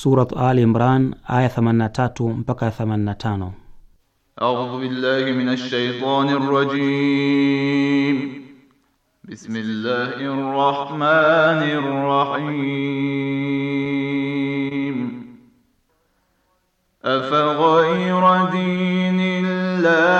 Surat Al Imran aya 83 mpaka 85. أعوذ بالله من الشيطان الرجيم بسم الله الرحمن الرحيم أفغير دين الله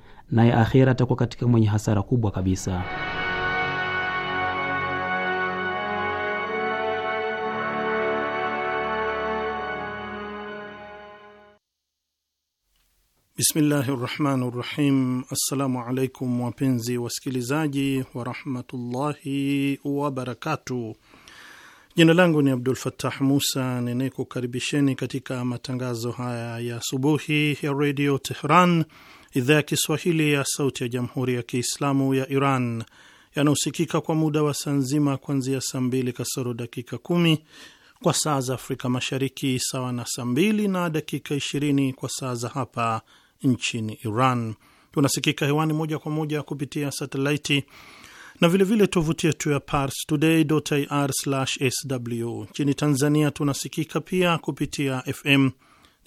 naye akhira atakuwa katika mwenye hasara kubwa kabisa. Bismillahi rahmani rahim. Assalamu alaikum wapenzi wasikilizaji warahmatullahi wabarakatuh. Jina langu ni Abdul Fattah Musa ninayekukaribisheni katika matangazo haya ya asubuhi ya redio Tehran idhaa ya Kiswahili ya Sauti ya Jamhuri ya Kiislamu ya Iran yanayosikika kwa muda wa saa nzima kuanzia saa mbili kasoro dakika kumi kwa saa za Afrika Mashariki, sawa na saa mbili na dakika ishirini kwa saa za hapa nchini Iran. Tunasikika hewani moja kwa moja kupitia satelaiti na vilevile tovuti yetu ya parstoday.ir/sw. Nchini Tanzania tunasikika pia kupitia FM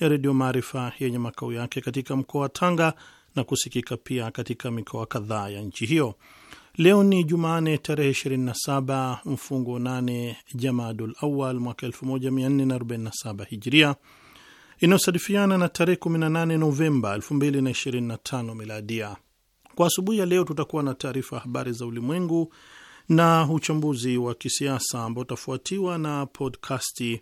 ya redio Maarifa yenye makao yake katika mkoa wa Tanga na kusikika pia katika mikoa kadhaa ya nchi hiyo. Leo ni Jumane tarehe 27 mfungo 8 Jamadul Awal mwaka 1447 Hijria, inayosadifiana na tarehe 18 Novemba 2025 Miladia. Kwa asubuhi ya leo tutakuwa na taarifa habari za ulimwengu na uchambuzi wa kisiasa ambao utafuatiwa na podkasti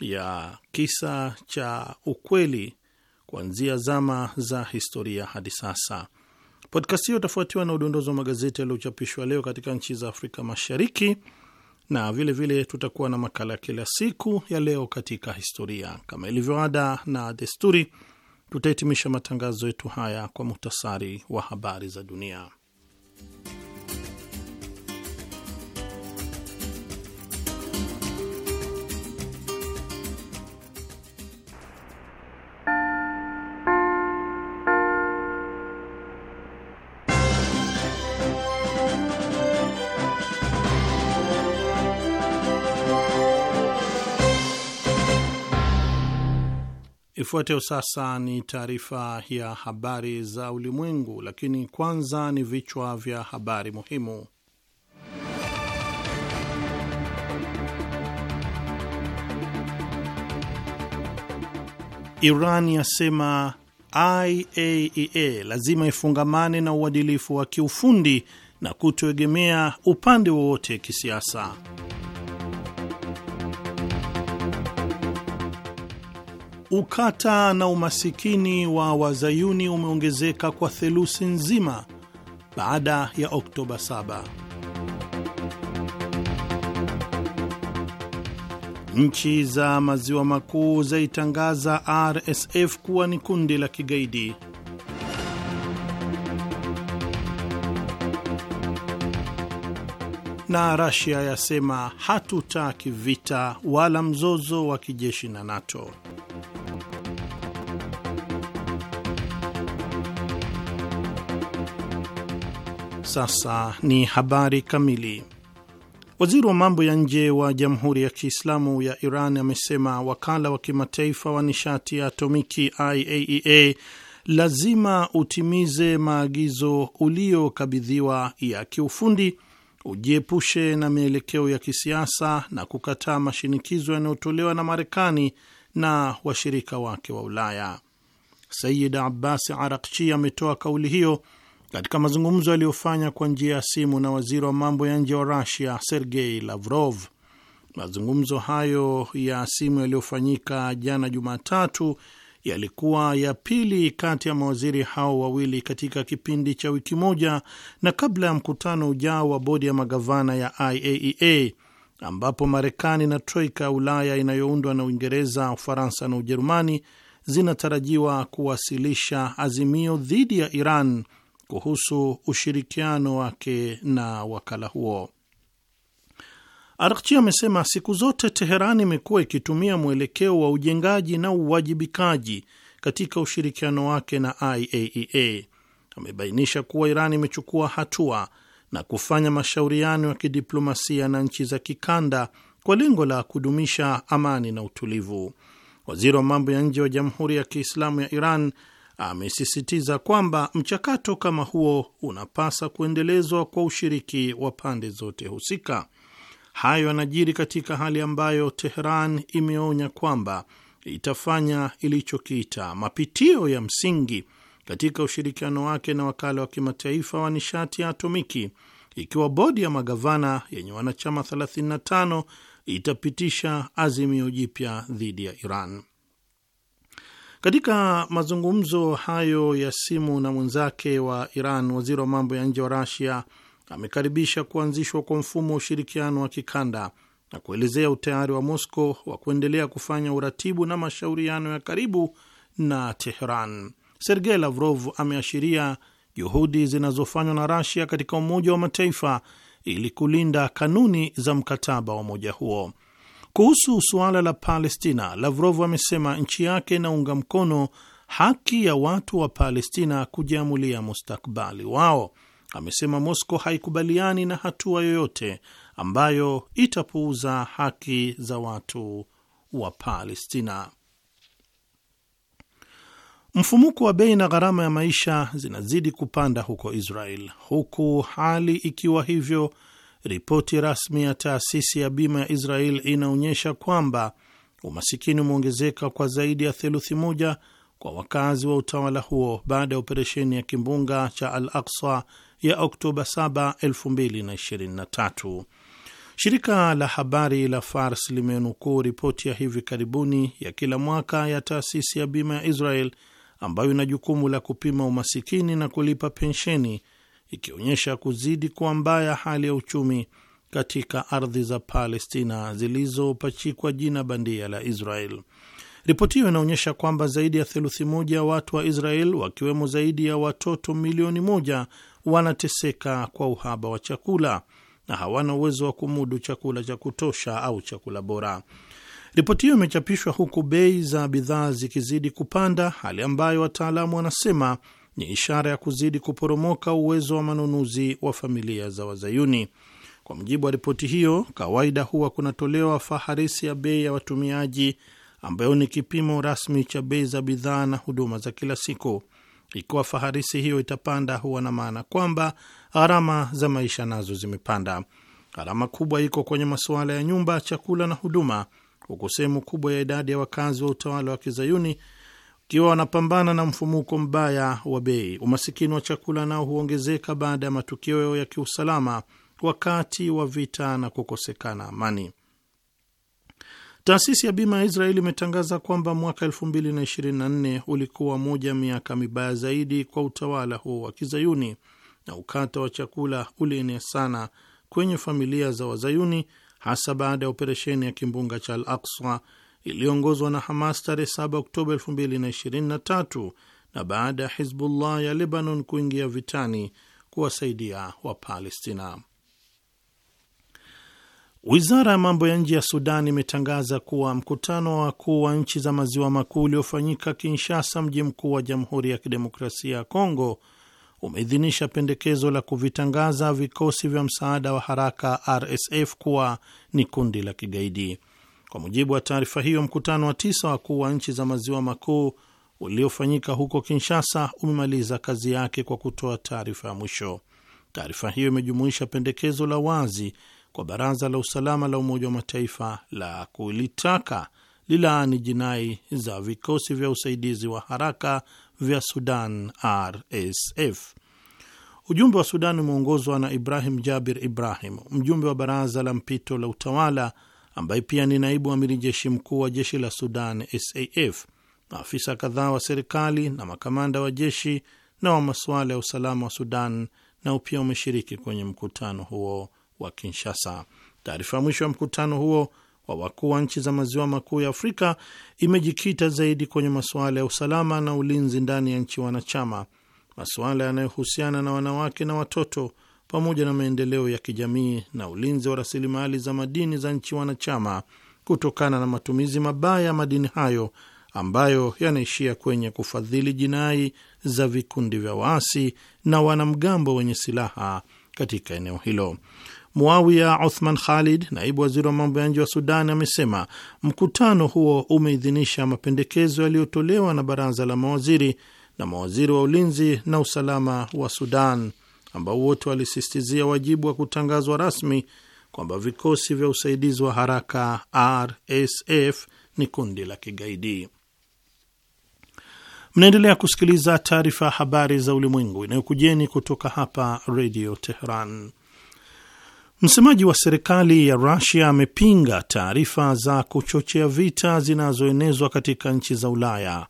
ya kisa cha ukweli kuanzia zama za historia hadi sasa. Podcast hiyo itafuatiwa na udondozi wa magazeti yaliyochapishwa leo katika nchi za Afrika Mashariki, na vilevile vile tutakuwa na makala ya kila siku ya leo katika historia. Kama ilivyo ada na desturi, tutahitimisha matangazo yetu haya kwa muhtasari wa habari za dunia. Ifuatayo sasa ni taarifa ya habari za ulimwengu, lakini kwanza ni vichwa vya habari muhimu. Iran yasema IAEA e lazima ifungamane na uadilifu wa kiufundi na kutoegemea upande wowote kisiasa. Ukata na umasikini wa wazayuni umeongezeka kwa theluthi nzima baada ya Oktoba 7. Nchi za maziwa makuu zaitangaza RSF kuwa ni kundi la kigaidi. Na Russia yasema hatutaki vita wala mzozo wa kijeshi na NATO. Sasa ni habari kamili. Waziri wa mambo ya nje wa Jamhuri ya Kiislamu ya Iran amesema wakala wa kimataifa wa nishati ya atomiki IAEA e lazima utimize maagizo uliokabidhiwa ya kiufundi, ujiepushe na mielekeo ya kisiasa na kukataa mashinikizo yanayotolewa na Marekani na washirika wake wa Ulaya. Sayid Abbas Arakchi ametoa kauli hiyo katika mazungumzo aliyofanya kwa njia ya simu na waziri wa mambo ya nje wa Rusia Sergei Lavrov, mazungumzo hayo ya simu yaliyofanyika jana Jumatatu yalikuwa ya pili kati ya mawaziri hao wawili katika kipindi cha wiki moja na kabla ya mkutano ujao wa bodi ya magavana ya IAEA e ambapo Marekani na troika ya Ulaya inayoundwa na Uingereza, Ufaransa na Ujerumani zinatarajiwa kuwasilisha azimio dhidi ya Iran kuhusu ushirikiano wake na wakala huo. Arakchi amesema siku zote Teheran imekuwa ikitumia mwelekeo wa ujengaji na uwajibikaji katika ushirikiano wake na IAEA. E Amebainisha kuwa Iran imechukua hatua na kufanya mashauriano ya kidiplomasia na nchi za kikanda kwa lengo la kudumisha amani na utulivu. Waziri wa mambo ya nje wa Jamhuri ya Kiislamu ya Iran amesisitiza kwamba mchakato kama huo unapasa kuendelezwa kwa ushiriki wa pande zote husika. Hayo yanajiri katika hali ambayo Tehran imeonya kwamba itafanya ilichokiita mapitio ya msingi katika ushirikiano wake na wakala wa kimataifa wa nishati ya atomiki, ikiwa bodi ya magavana yenye wanachama 35 itapitisha azimio jipya dhidi ya Iran. Katika mazungumzo hayo ya simu na mwenzake wa Iran, waziri wa mambo ya nje wa Rasia amekaribisha kuanzishwa kwa mfumo wa ushirikiano wa kikanda na kuelezea utayari wa Moscow wa kuendelea kufanya uratibu na mashauriano ya karibu na Teheran. Sergei Lavrov ameashiria juhudi zinazofanywa na Rasia katika Umoja wa Mataifa ili kulinda kanuni za mkataba wa umoja huo. Kuhusu suala la Palestina, Lavrov amesema nchi yake inaunga mkono haki ya watu wa Palestina kujiamulia mustakbali wao. Amesema Moscow haikubaliani na hatua yoyote ambayo itapuuza haki za watu wa Palestina. Mfumuko wa bei na gharama ya maisha zinazidi kupanda huko Israel, huku hali ikiwa hivyo Ripoti rasmi ya taasisi ya bima ya Israel inaonyesha kwamba umasikini umeongezeka kwa zaidi ya theluthi moja kwa wakazi wa utawala huo baada ya operesheni ya kimbunga cha Al Aksa ya Oktoba 7, 2023. Shirika la habari la Fars limenukuu ripoti ya hivi karibuni ya kila mwaka ya taasisi ya bima ya Israel ambayo ina jukumu la kupima umasikini na kulipa pensheni ikionyesha kuzidi kuwa mbaya hali ya uchumi katika ardhi za Palestina zilizopachikwa jina bandia la Israel. Ripoti hiyo inaonyesha kwamba zaidi ya theluthi moja ya watu wa Israel, wakiwemo zaidi ya watoto milioni moja, wanateseka kwa uhaba wa chakula na hawana uwezo wa kumudu chakula cha kutosha au chakula bora. Ripoti hiyo imechapishwa huku bei za bidhaa zikizidi kupanda, hali ambayo wataalamu wanasema ni ishara ya kuzidi kuporomoka uwezo wa manunuzi wa familia za Wazayuni. Kwa mujibu wa ripoti hiyo, kawaida huwa kunatolewa faharisi ya bei ya watumiaji ambayo ni kipimo rasmi cha bei za bidhaa na huduma za kila siku. Ikiwa faharisi hiyo itapanda, huwa na maana kwamba gharama za maisha nazo zimepanda. Gharama kubwa iko kwenye masuala ya nyumba, chakula na huduma, huku sehemu kubwa ya idadi ya wakazi wa utawala wa kizayuni ikiwa wanapambana na mfumuko mbaya wa bei. Umasikini wa chakula nao huongezeka baada ya matukio ya kiusalama wakati wa vita na kukosekana amani. Taasisi ya bima ya Israeli imetangaza kwamba mwaka 2024 ulikuwa moja miaka mibaya zaidi kwa utawala huo wa Kizayuni, na ukata wa chakula ulienea sana kwenye familia za Wazayuni, hasa baada ya operesheni ya kimbunga cha Al Aqsa iliyoongozwa na Hamas tarehe 7 Oktoba 2023 na baada ya Hizbullah ya Lebanon kuingia vitani kuwasaidia Wapalestina. Wizara ya mambo ya nje ya Sudan imetangaza kuwa mkutano wa wakuu wa nchi za maziwa makuu uliofanyika Kinshasa, mji mkuu wa Jamhuri ya Kidemokrasia ya Kongo, umeidhinisha pendekezo la kuvitangaza vikosi vya msaada wa haraka RSF kuwa ni kundi la kigaidi. Kwa mujibu wa taarifa hiyo, mkutano wa tisa wakuu wa nchi za maziwa makuu uliofanyika huko Kinshasa umemaliza kazi yake kwa kutoa taarifa ya mwisho. Taarifa hiyo imejumuisha pendekezo la wazi kwa Baraza la Usalama la Umoja wa Mataifa la kulitaka lilaani jinai za vikosi vya usaidizi wa haraka vya Sudan, RSF. Ujumbe wa Sudan umeongozwa na Ibrahim Jabir Ibrahim, mjumbe wa Baraza la Mpito la Utawala ambaye pia ni naibu amiri jeshi mkuu wa jeshi la Sudan SAF, maafisa kadhaa wa serikali na makamanda wa jeshi na wa masuala ya usalama wa Sudan nao pia wameshiriki kwenye mkutano huo wa Kinshasa. Taarifa ya mwisho ya mkutano huo wa wakuu wa nchi za maziwa makuu ya Afrika imejikita zaidi kwenye masuala ya usalama na ulinzi ndani ya nchi wanachama, masuala yanayohusiana na wanawake na watoto pamoja na maendeleo ya kijamii na ulinzi wa rasilimali za madini za nchi wanachama kutokana na matumizi mabaya ya madini hayo ambayo yanaishia kwenye kufadhili jinai za vikundi vya waasi na wanamgambo wenye silaha katika eneo hilo. Muawiya Othman Khalid, naibu waziri wa mambo ya nje wa Sudan, amesema mkutano huo umeidhinisha mapendekezo yaliyotolewa na baraza la mawaziri na mawaziri wa ulinzi na usalama wa Sudan ambao wote walisistizia wajibu wa kutangazwa rasmi kwamba vikosi vya usaidizi wa haraka RSF ni kundi la kigaidi. Mnaendelea kusikiliza taarifa ya habari za ulimwengu inayokujeni kutoka hapa Redio Teheran. Msemaji wa serikali ya Rusia amepinga taarifa za kuchochea vita zinazoenezwa katika nchi za Ulaya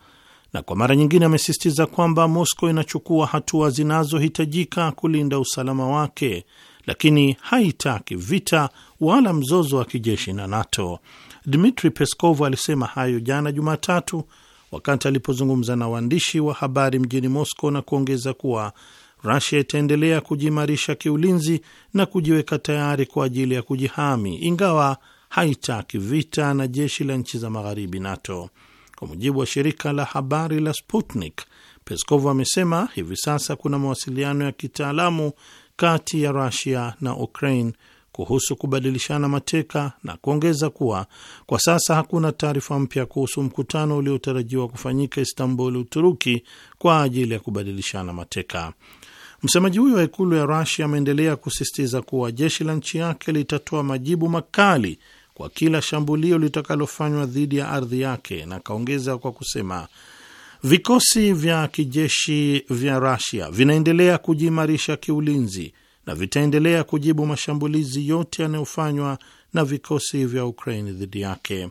na kwa mara nyingine amesisitiza kwamba Moscow inachukua hatua zinazohitajika kulinda usalama wake, lakini haitaki vita wala mzozo wa kijeshi na NATO. Dmitri Peskov alisema hayo jana Jumatatu wakati alipozungumza na waandishi wa habari mjini Moscow na kuongeza kuwa Rusia itaendelea kujiimarisha kiulinzi na kujiweka tayari kwa ajili ya kujihami, ingawa haitaki vita na jeshi la nchi za magharibi NATO. Kwa mujibu wa shirika la habari la Sputnik, Peskov amesema hivi sasa kuna mawasiliano ya kitaalamu kati ya Rusia na Ukraine kuhusu kubadilishana mateka na kuongeza kuwa kwa sasa hakuna taarifa mpya kuhusu mkutano uliotarajiwa kufanyika Istanbul, Uturuki, kwa ajili ya kubadilishana mateka. Msemaji huyo wa ikulu ya Rusia ameendelea kusisitiza kuwa jeshi la nchi yake litatoa majibu makali kwa kila shambulio litakalofanywa dhidi ya ardhi yake, na akaongeza kwa kusema vikosi vya kijeshi vya rasia vinaendelea kujiimarisha kiulinzi na vitaendelea kujibu mashambulizi yote yanayofanywa na vikosi vya Ukraine dhidi yake.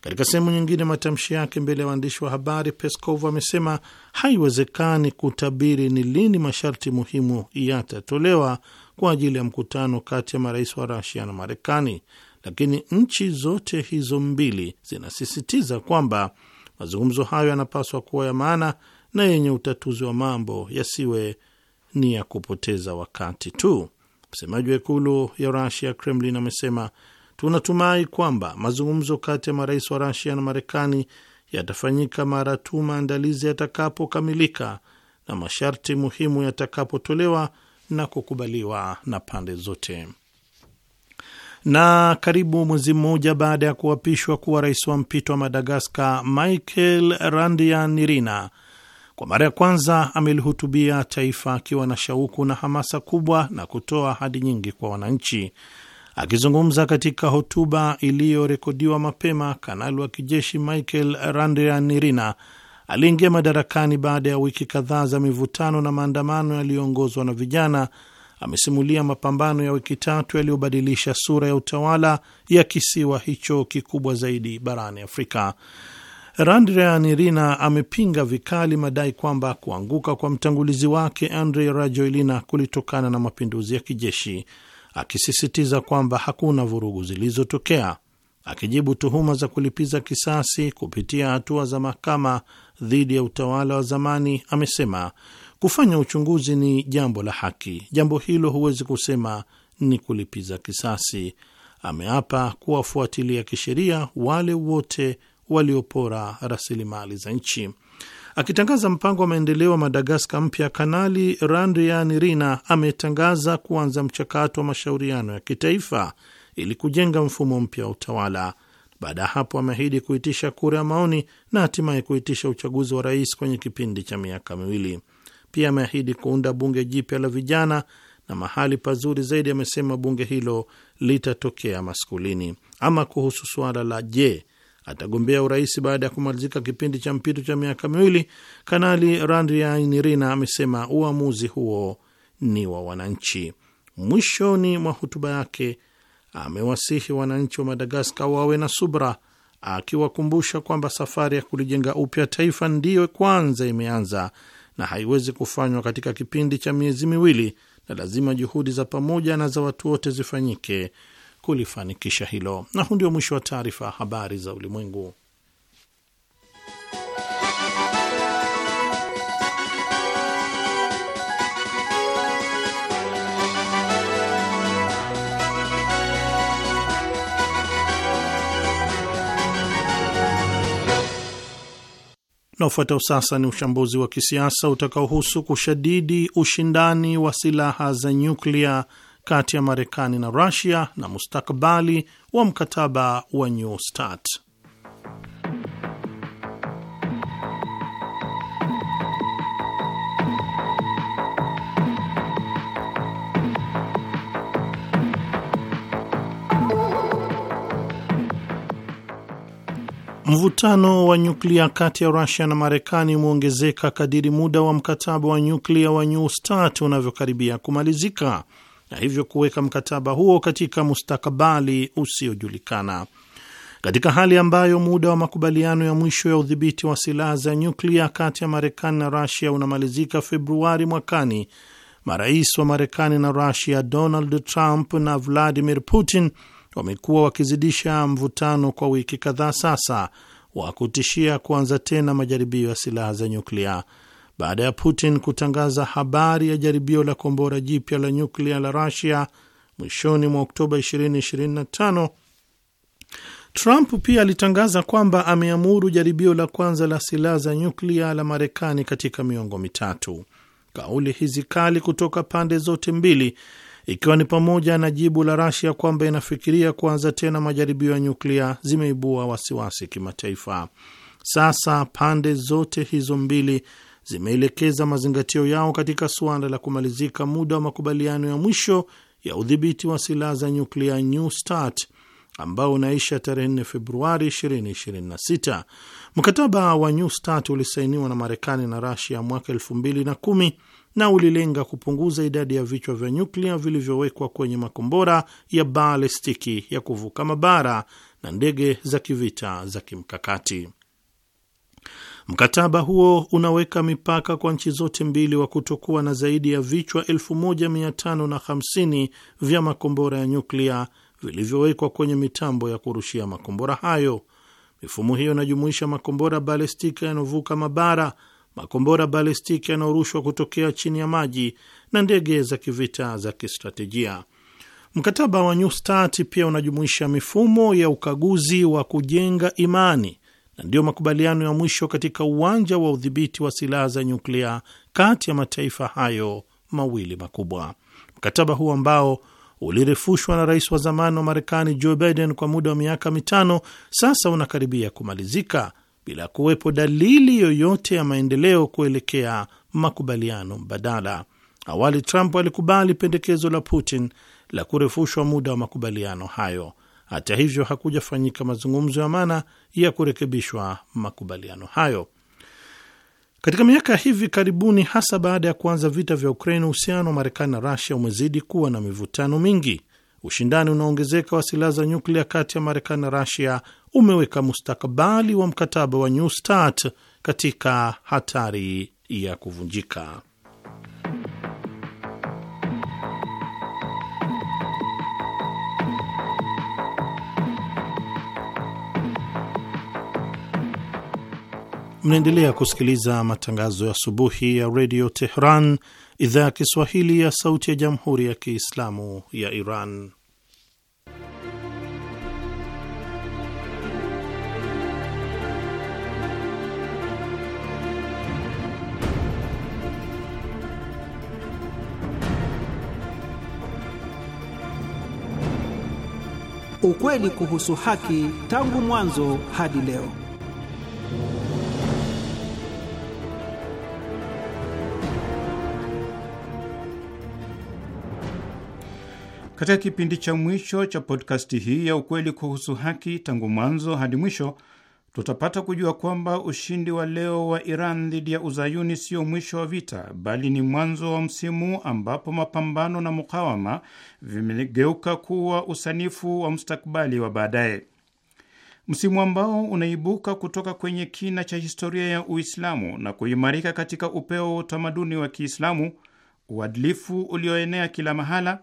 Katika sehemu nyingine matamshi yake mbele ya waandishi wa habari, Peskov amesema haiwezekani kutabiri ni lini masharti muhimu yatatolewa kwa ajili ya mkutano kati ya marais wa Rasia na Marekani, lakini nchi zote hizo mbili zinasisitiza kwamba mazungumzo hayo yanapaswa kuwa ya maana na yenye utatuzi wa mambo, yasiwe ni ya kupoteza wakati tu. Msemaji wa ikulu ya Rasia, Kremlin, amesema tunatumai kwamba mazungumzo kati ya marais wa Rasia na Marekani yatafanyika mara tu maandalizi yatakapokamilika na masharti muhimu yatakapotolewa na kukubaliwa na pande zote. Na karibu mwezi mmoja baada ya kuapishwa kuwa rais wa mpito wa Madagaskar, Michael Randrianirina kwa mara ya kwanza amelihutubia taifa akiwa na shauku na hamasa kubwa na kutoa ahadi nyingi kwa wananchi. Akizungumza katika hotuba iliyorekodiwa mapema, kanali wa kijeshi Michael Randrianirina aliingia madarakani baada ya wiki kadhaa za mivutano na maandamano yaliyoongozwa na vijana amesimulia mapambano ya wiki tatu yaliyobadilisha sura ya utawala ya kisiwa hicho kikubwa zaidi barani Afrika. Randrianirina amepinga vikali madai kwamba kuanguka kwa mtangulizi wake Andre Rajoelina kulitokana na mapinduzi ya kijeshi, akisisitiza kwamba hakuna vurugu zilizotokea. Akijibu tuhuma za kulipiza kisasi kupitia hatua za mahakama dhidi ya utawala wa zamani, amesema Kufanya uchunguzi ni jambo la haki, jambo hilo huwezi kusema ni kulipiza kisasi. Ameapa kuwafuatilia kisheria wale wote waliopora rasilimali za nchi. Akitangaza mpango wa maendeleo wa Madagaskar mpya, Kanali Rina ametangaza kuanza mchakato wa mashauriano ya kitaifa ili kujenga mfumo mpya wa utawala. Baada ya hapo, ameahidi kuitisha kura ya maoni na hatimaye kuitisha uchaguzi wa rais kwenye kipindi cha miaka miwili. Pia ameahidi kuunda bunge jipya la vijana na mahali pazuri zaidi, amesema bunge hilo litatokea maskulini. Ama kuhusu suala la je, atagombea urais baada ya kumalizika kipindi cha mpito cha miaka miwili, Kanali Randrianirina amesema uamuzi huo ni wa wananchi. Mwishoni mwa hotuba yake amewasihi wananchi wa Madagaskar wawe na subra, akiwakumbusha kwamba safari ya kulijenga upya taifa ndiyo kwanza imeanza na haiwezi kufanywa katika kipindi cha miezi miwili, na lazima juhudi za pamoja na za watu wote zifanyike kulifanikisha hilo. Na huu ndio mwisho wa taarifa ya habari za ulimwengu. Unaofuata sasa ni uchambuzi wa kisiasa utakaohusu kushadidi ushindani wa silaha za nyuklia kati ya Marekani na Rusia na mustakabali wa mkataba wa New START. Mvutano wa nyuklia kati ya Rusia na Marekani umeongezeka kadiri muda wa mkataba wa nyuklia wa New START unavyokaribia kumalizika na hivyo kuweka mkataba huo katika mustakabali usiojulikana. Katika hali ambayo muda wa makubaliano ya mwisho ya udhibiti wa silaha za nyuklia kati ya Marekani na Rusia unamalizika Februari mwakani, marais wa Marekani na Rusia Donald Trump na Vladimir Putin wamekuwa wakizidisha mvutano kwa wiki kadhaa sasa wa kutishia kuanza tena majaribio ya silaha za nyuklia baada ya Putin kutangaza habari ya jaribio la kombora jipya la nyuklia la Rusia mwishoni mwa Oktoba 2025. Trump pia alitangaza kwamba ameamuru jaribio la kwanza la silaha za nyuklia la Marekani katika miongo mitatu. Kauli hizi kali kutoka pande zote mbili ikiwa ni pamoja na jibu la Rasia kwamba inafikiria kuanza tena majaribio ya nyuklia zimeibua wasiwasi kimataifa. Sasa pande zote hizo mbili zimeelekeza mazingatio yao katika suala la kumalizika muda wa makubaliano ya mwisho ya udhibiti wa silaha za nyuklia New START ambao unaisha tarehe 4 Februari 2026. Mkataba wa New START ulisainiwa na Marekani na Rasia mwaka 2010 na ulilenga kupunguza idadi ya vichwa vya nyuklia vilivyowekwa kwenye makombora ya balestiki ya kuvuka mabara na ndege za kivita za kimkakati. Mkataba huo unaweka mipaka kwa nchi zote mbili wa kutokuwa na zaidi ya vichwa 1550 vya makombora ya nyuklia vilivyowekwa kwenye mitambo ya kurushia makombora hayo. Mifumo hiyo inajumuisha makombora balestika yanayovuka mabara makombora balistiki yanayorushwa kutokea chini ya maji na ndege za kivita za kistratejia. Mkataba wa New START pia unajumuisha mifumo ya ukaguzi wa kujenga imani na ndiyo makubaliano ya mwisho katika uwanja wa udhibiti wa silaha za nyuklia kati ya mataifa hayo mawili makubwa. Mkataba huu ambao ulirefushwa na rais wa zamani wa Marekani Joe Biden kwa muda wa miaka mitano sasa unakaribia kumalizika bila kuwepo dalili yoyote ya maendeleo kuelekea makubaliano mbadala. Awali Trump alikubali pendekezo la Putin la kurefushwa muda wa makubaliano hayo. Hata hivyo, hakujafanyika mazungumzo ya maana ya kurekebishwa makubaliano hayo. Katika miaka hivi karibuni, hasa baada ya kuanza vita vya Ukraine, uhusiano wa Marekani na Rasia umezidi kuwa na mivutano mingi. Ushindani unaongezeka wa silaha za nyuklia kati ya Marekani na Rasia umeweka mustakabali wa mkataba wa New START katika hatari ya kuvunjika. Mnaendelea kusikiliza matangazo ya asubuhi ya redio Tehran, idhaa ya Kiswahili ya sauti ya jamhuri ya Kiislamu ya Iran. ukweli kuhusu haki tangu mwanzo hadi leo. Katika kipindi cha mwisho cha podkasti hii ya ukweli kuhusu haki tangu mwanzo hadi mwisho tutapata kujua kwamba ushindi wa leo wa Iran dhidi ya uzayuni sio mwisho wa vita, bali ni mwanzo wa msimu ambapo mapambano na mukawama vimegeuka kuwa usanifu wa mstakbali wa baadaye, msimu ambao unaibuka kutoka kwenye kina cha historia ya Uislamu na kuimarika katika upeo wa utamaduni wa Kiislamu, uadilifu ulioenea kila mahala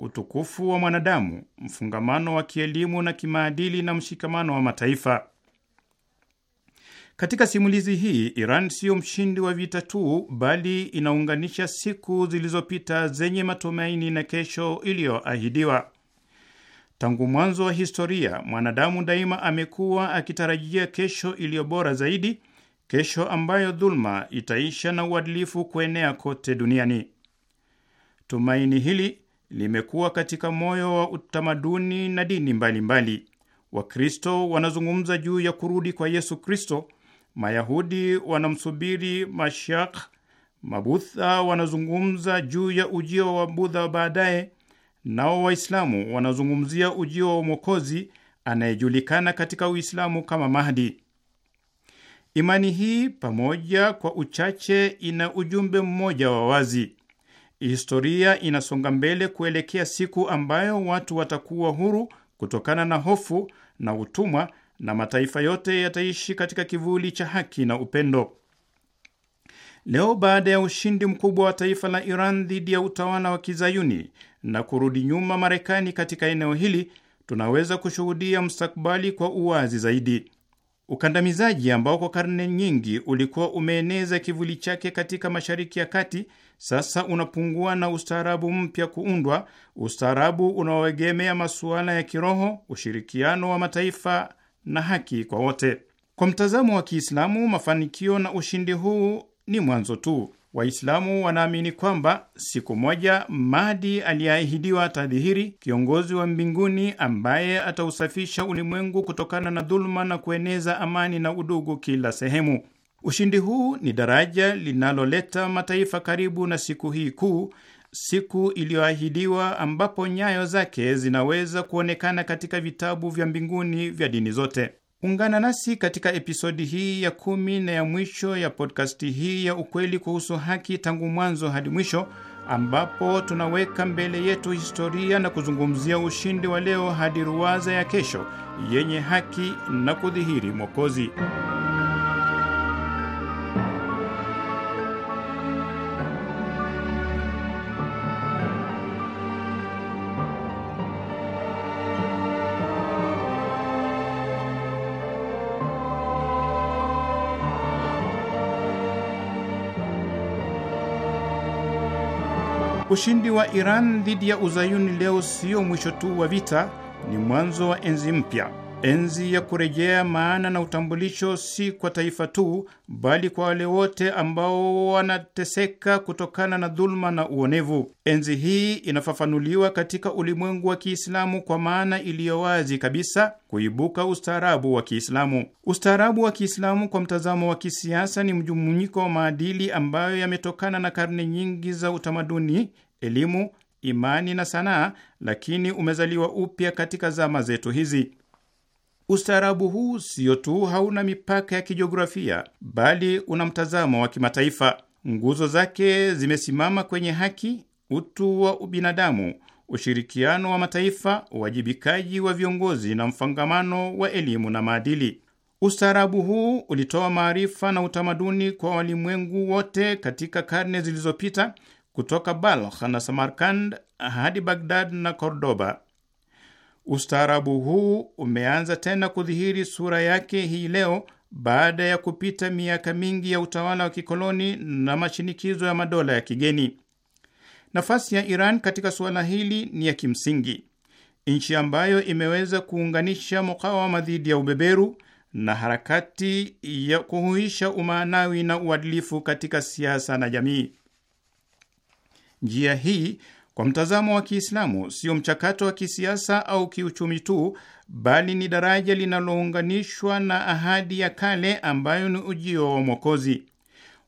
utukufu wa mwanadamu, mfungamano wa kielimu na kimaadili na mshikamano wa mataifa. Katika simulizi hii, Iran siyo mshindi wa vita tu, bali inaunganisha siku zilizopita zenye matumaini na kesho iliyoahidiwa. Tangu mwanzo wa historia, mwanadamu daima amekuwa akitarajia kesho iliyo bora zaidi, kesho ambayo dhuluma itaisha na uadilifu kuenea kote duniani. Tumaini hili limekuwa katika moyo wa utamaduni na dini mbalimbali. Wakristo wanazungumza juu ya kurudi kwa Yesu Kristo Mayahudi wanamsubiri Mashiach, Mabudha wanazungumza juu ya ujio wa Budha wa baadaye, nao Waislamu wanazungumzia ujio wa Mwokozi anayejulikana katika Uislamu kama Mahdi. Imani hii pamoja kwa uchache ina ujumbe mmoja wa wazi. Historia inasonga mbele kuelekea siku ambayo watu watakuwa huru kutokana na hofu na utumwa na mataifa yote yataishi katika kivuli cha haki na upendo. Leo baada ya ushindi mkubwa wa taifa la Iran dhidi ya utawala wa kizayuni na kurudi nyuma Marekani katika eneo hili, tunaweza kushuhudia mustakabali kwa uwazi zaidi. Ukandamizaji ambao kwa karne nyingi ulikuwa umeeneza kivuli chake katika Mashariki ya Kati sasa unapungua na ustaarabu mpya kuundwa, ustaarabu unaoegemea masuala ya kiroho, ushirikiano wa mataifa na haki kwa wote. Kwa mtazamo wa Kiislamu, mafanikio na ushindi huu ni mwanzo tu. Waislamu wanaamini kwamba siku moja Mahdi aliyeahidiwa atadhihiri, kiongozi wa mbinguni ambaye atausafisha ulimwengu kutokana na dhuluma na kueneza amani na udugu kila sehemu. Ushindi huu ni daraja linaloleta mataifa karibu na siku hii kuu siku iliyoahidiwa ambapo nyayo zake zinaweza kuonekana katika vitabu vya mbinguni vya dini zote. Ungana nasi katika episodi hii ya kumi na ya mwisho ya podkasti hii ya ukweli kuhusu haki, tangu mwanzo hadi mwisho, ambapo tunaweka mbele yetu historia na kuzungumzia ushindi wa leo hadi ruwaza ya kesho yenye haki na kudhihiri Mwokozi. Ushindi wa Iran dhidi ya Uzayuni leo sio mwisho tu wa vita, ni mwanzo wa enzi mpya. Enzi ya kurejea maana na utambulisho si kwa taifa tu, bali kwa wale wote ambao wanateseka kutokana na dhuluma na uonevu. Enzi hii inafafanuliwa katika ulimwengu wa Kiislamu kwa maana iliyo wazi kabisa, kuibuka ustaarabu wa Kiislamu. Ustaarabu wa Kiislamu kwa mtazamo wa kisiasa ni mjumunyiko wa maadili ambayo yametokana na karne nyingi za utamaduni, elimu, imani na sanaa, lakini umezaliwa upya katika zama zetu hizi. Ustaarabu huu sio tu hauna mipaka ya kijiografia, bali una mtazamo wa kimataifa. Nguzo zake zimesimama kwenye haki, utu wa ubinadamu, ushirikiano wa mataifa, uwajibikaji wa viongozi na mfangamano wa elimu na maadili. Ustaarabu huu ulitoa maarifa na utamaduni kwa walimwengu wote katika karne zilizopita, kutoka Balkh na Samarkand hadi Bagdad na Kordoba. Ustaarabu huu umeanza tena kudhihiri sura yake hii leo baada ya kupita miaka mingi ya utawala wa kikoloni na mashinikizo ya madola ya kigeni. Nafasi ya Iran katika suala hili ni ya kimsingi. Nchi ambayo imeweza kuunganisha mukawama dhidi ya ubeberu na harakati ya kuhuisha umaanawi na uadilifu katika siasa na jamii. Njia hii kwa mtazamo wa Kiislamu, sio mchakato wa kisiasa au kiuchumi tu, bali ni daraja linalounganishwa na ahadi ya kale ambayo ni ujio wa Mwokozi.